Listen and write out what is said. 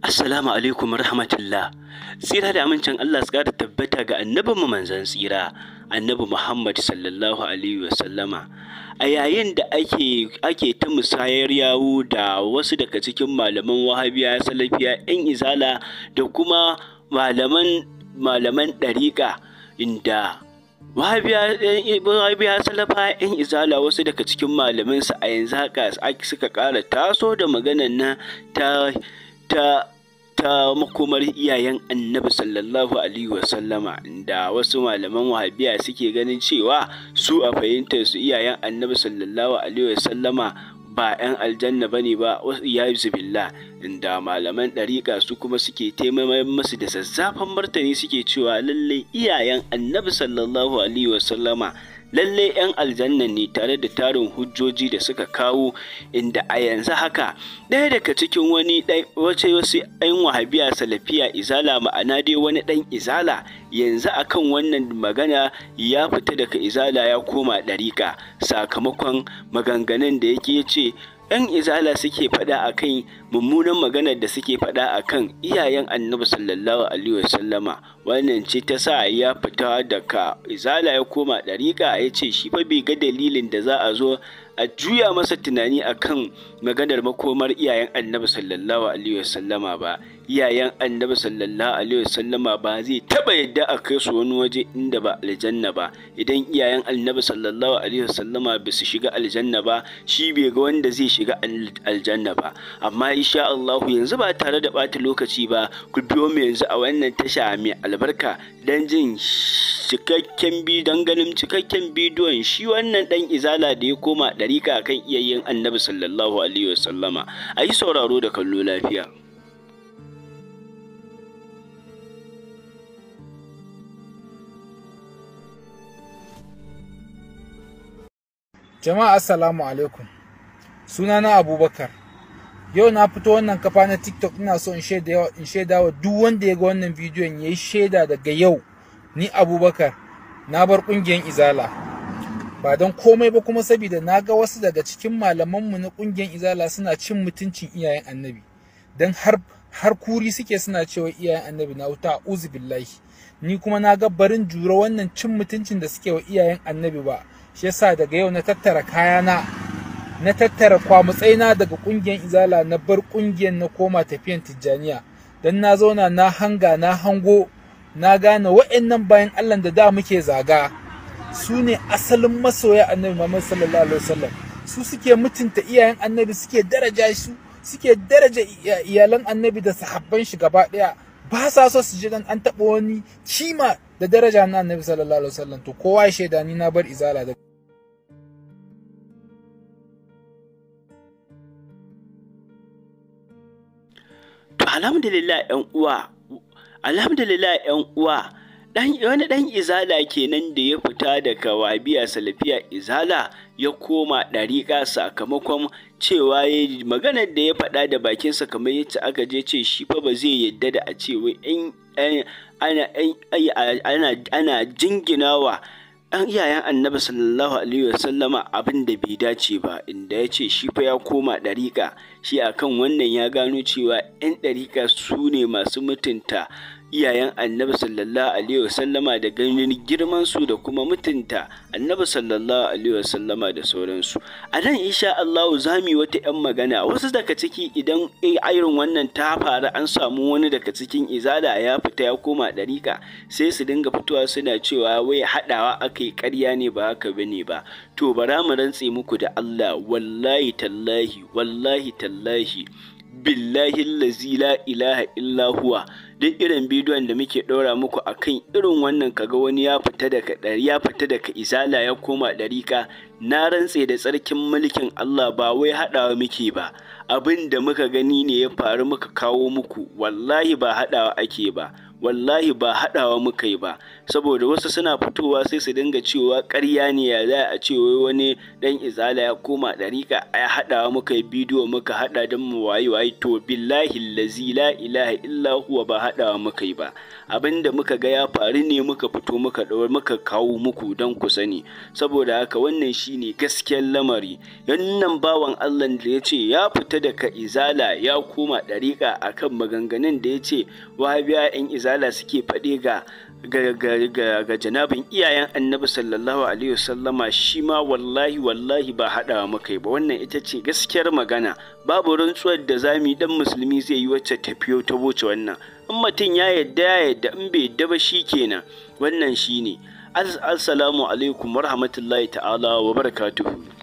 Assalamu alaikum rahmatullah. Tsira da amincin Allah su ƙara tabbata ga annabin mu manzan tsira, annabi Muhammad sallallahu alaihi sallama. A yayin da ake ake ta musayar yawo da wasu daga cikin malaman Wahabiya, Salafiya, 'yan Izala da kuma malaman malaman ɗariƙa inda Wahabiya salafa ‘yan izala wasu daga cikin malamansu a yanzu haka suka ƙara taso da maganan na ta ta ta makomar iyayen annabi sallallahu alaihi wasallama da wasu malaman wahabiya suke ganin cewa su a fahimtar su iyayen annabi sallallahu alaihi wasallama ba 'yan aljanna bane ba wasu iyayen billah inda malaman ɗariƙa su kuma suke taimakon masu da zazzafan martani suke cewa lalle iyayen annabi sallallahu alaihi wasallama lalle 'yan aljanna ne tare da tarin hujjoji da suka kawo inda a yanzu haka ɗaya daga cikin wani wace wasu 'yan wahabiya salafiya izala ma'ana dai wani ɗan izala yanzu akan wannan magana ya fita daga izala ya koma ɗariƙa sakamakon maganganun da yake ce 'yan izala suke faɗa a kan mummunan maganar da suke faɗa a kan iyayen annabi sallallahu alaihi wasallama wannan ce ta sa ya fita daga izala ya koma ɗariƙa ya ce shi fa bai ga dalilin da za a zo a juya masa tunani a kan maganar makomar iyayen annabi sallallahu alaihi wasallama ba iyayen annabi sallallahu alaihi wasallama ba zai taba yadda a kai su wani waje inda ba aljanna ba idan iyayen annabi sallallahu alaihi wasallama ba su shiga aljanna ba shi bai ga wanda zai shiga aljanna ba amma insha Allah yanzu ba tare da bata lokaci ba ku biyo mu yanzu a wannan tasha mai albarka dan jin cikakken bi dan ganin cikakken bidiyon shi wannan dan izala da ya koma ɗarika kan iyayen annabi sallallahu alaihi wasallama a yi sauraro da kallo lafiya Jama'a assalamu alaikum. na Abubakar. Yau na fito wannan kafa na TikTok ina so in shaida in shaida wa duk wanda ya ga wannan bidiyon yayi shaida daga yau ni Abubakar na bar kungiyar Izala. Ba don komai ba kuma saboda na ga wasu daga cikin malaman mu na kungiyar Izala suna cin mutuncin iyayen Annabi. Dan har har kuri suke suna cewa iyayen Annabi na wuta uzu billahi. ni kuma na ga barin jura wannan cin mutuncin da suke wa iyayen annabi ba shi yasa daga yau na tattara kayana na tattara kwamutsaina daga ƙungiyar izala na bar ƙungiyar na koma tafiyan tijjaniya don na zauna na hanga na hango na gane wa'annan bayan allah da da muke zaga su ne asalin masoya annabi muhammad sallallahu alaihi wasallam su suke mutunta iyayen annabi suke daraja su suke daraja iyalan annabi da sahabban shi gaba ɗaya ba sa so su ji dan an taɓa wani kima da daraja na annabi sallallahu alaihi wasallam to kowa ya shaida ni na bar izala da to alhamdulillah yan uwa alhamdulillah yan uwa wani ɗan izala kenan da ya fita daga wabiya salafiya izala ya koma ɗariƙa sakamakon cewa ya maganar da ya faɗa da bakinsa kamar yadda aka je ce shi fa ba zai yadda da a ce wai ana wa ɗan iyayen annabi sallallahu alaihi wasallama abin da bai dace ba inda ya ce shi fa ya koma ɗariƙa shi akan wannan ya gano cewa 'yan ɗariƙa su ne masu mutunta iyayen annabi sallallahu alaihi wasallama da ganin girman su da kuma mutunta annabi sallallahu alaihi wasallama da sauransu a nan insha Allah za mu yi wata yan magana wasu daga ciki idan irin wannan ta faru an samu wani daga cikin izala ya fita ya koma ɗarika, sai su dinga fitowa suna cewa wai haɗawa aka yi ƙarya ne ba haka bane ba to bara mu rantsi muku da Allah wallahi tallahi wallahi tallahi billahi allazi la ilaha illa huwa duk irin bidiyon da muke ɗora muku a kan irin wannan kaga wani ya fita daga ɗari ya fita daga izala ya koma ɗarika na rantse da tsarkin mulkin Allah ba wai haɗawa muke ba abin da muka gani ne ya faru muka kawo muku wallahi ba haɗawa ake ba wallahi ba haɗawa muka yi ba saboda wasu suna fitowa sai su dinga cewa ƙarya ne ya za a ce wani ɗan izala ya koma ɗarika a haɗawa muka yi bidiyo muka haɗa don mu wayi wayi to billahi lazi la ilaha illa ba haɗawa muka yi ba abinda muka ga ya faru ne muka fito muka ɗau muka kawo muku don ku sani saboda haka wannan shine gaskiyar lamari wannan bawan Allah da ya ce ya fita daga izala ya koma ɗarika akan maganganun da ya ce wahabiya 'yan izala izala suke faɗe ga ga janabin iyayen annabi sallallahu alaihi wasallama shi ma wallahi wallahi ba haɗawa muka ba wannan ita ce gaskiyar magana babu rantsuwar da zami dan musulmi zai yi wacce tafiyo ta wuce wannan in mutum ya yadda ya yadda in bai yadda ba shi kenan wannan shi ne. assalamu alaikum rahmatullahi ta'ala wa barakatuhu